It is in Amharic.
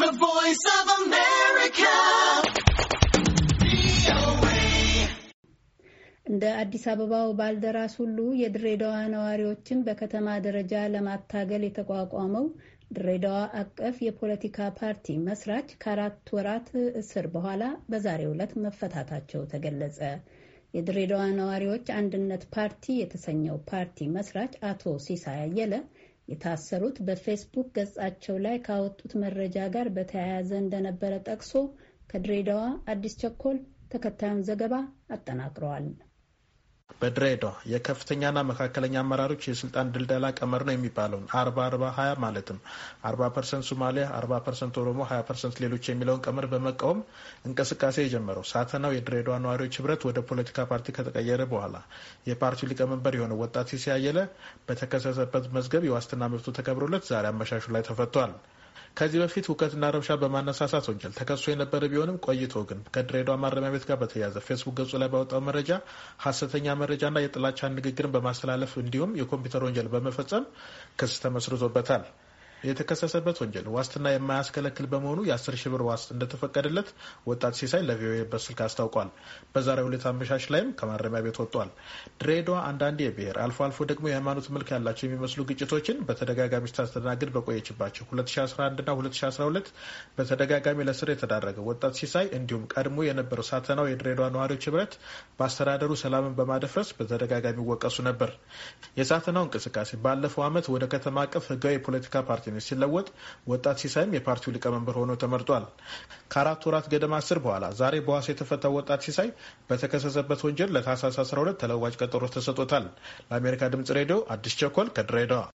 The Voice of America. እንደ አዲስ አበባው ባልደራስ ሁሉ የድሬዳዋ ነዋሪዎችን በከተማ ደረጃ ለማታገል የተቋቋመው ድሬዳዋ አቀፍ የፖለቲካ ፓርቲ መስራች ከአራት ወራት እስር በኋላ በዛሬው ዕለት መፈታታቸው ተገለጸ። የድሬዳዋ ነዋሪዎች አንድነት ፓርቲ የተሰኘው ፓርቲ መስራች አቶ ሲሳይ አየለ የታሰሩት በፌስቡክ ገጻቸው ላይ ካወጡት መረጃ ጋር በተያያዘ እንደነበረ ጠቅሶ ከድሬዳዋ አዲስ ቸኮል ተከታዩን ዘገባ አጠናቅረዋል። በድሬዳዋ የከፍተኛና መካከለኛ አመራሮች የስልጣን ድልደላ ቀመር ነው የሚባለውን አርባ አርባ ሀያ ማለትም አርባ ፐርሰንት ሶማሊያ፣ አርባ ፐርሰንት ኦሮሞ፣ ሀያ ፐርሰንት ሌሎች የሚለውን ቀመር በመቃወም እንቅስቃሴ የጀመረው ሳተናው የድሬዳዋ ነዋሪዎች ህብረት ወደ ፖለቲካ ፓርቲ ከተቀየረ በኋላ የፓርቲው ሊቀመንበር የሆነው ወጣት ሲሳይ አየለ በተከሰሰበት መዝገብ የዋስትና መብቱ ተከብሮለት ዛሬ አመሻሹ ላይ ተፈቷል። ከዚህ በፊት ሁከትና ረብሻ በማነሳሳት ወንጀል ተከሶ የነበረ ቢሆንም ቆይቶ ግን ከድሬዳዋ ማረሚያ ቤት ጋር በተያያዘ ፌስቡክ ገጹ ላይ ባወጣው መረጃ ሀሰተኛ መረጃና የጥላቻ ንግግርን በማስተላለፍ እንዲሁም የኮምፒውተር ወንጀል በመፈጸም ክስ ተመስርቶበታል። የተከሰሰበት ወንጀል ዋስትና የማያስከለክል በመሆኑ የአስር ሺ ብር ዋስ እንደተፈቀደለት ወጣት ሲሳይ ለቪኦኤ በስልክ አስታውቋል። በዛሬው ዕለት አመሻሽ ላይም ከማረሚያ ቤት ወጥቷል። ድሬዳዋ አንዳንዴ የብሔር አልፎ አልፎ ደግሞ የሃይማኖት መልክ ያላቸው የሚመስሉ ግጭቶችን በተደጋጋሚ ስታስተናግድ በቆየችባቸው 2011ና 2012 በተደጋጋሚ ለስር የተዳረገ ወጣት ሲሳይ እንዲሁም ቀድሞ የነበረው ሳተናው የድሬዳዋ ነዋሪዎች ህብረት በአስተዳደሩ ሰላምን በማደፍረስ በተደጋጋሚ ይወቀሱ ነበር። የሳተናው እንቅስቃሴ ባለፈው ዓመት ወደ ከተማ አቀፍ ህጋዊ የፖለቲካ ፓርቲ ዳይሬክተርነት ሲለወጥ ወጣት ሲሳይም የፓርቲው ሊቀመንበር ሆኖ ተመርጧል። ከአራት ወራት ገደማ እስር በኋላ ዛሬ በዋስ የተፈታው ወጣት ሲሳይ በተከሰሰበት ወንጀል ለታህሳስ 12 ተለዋጭ ቀጠሮ ተሰጥቶታል። ለአሜሪካ ድምጽ ሬዲዮ አዲስ ቸኮል ከድሬዳዋ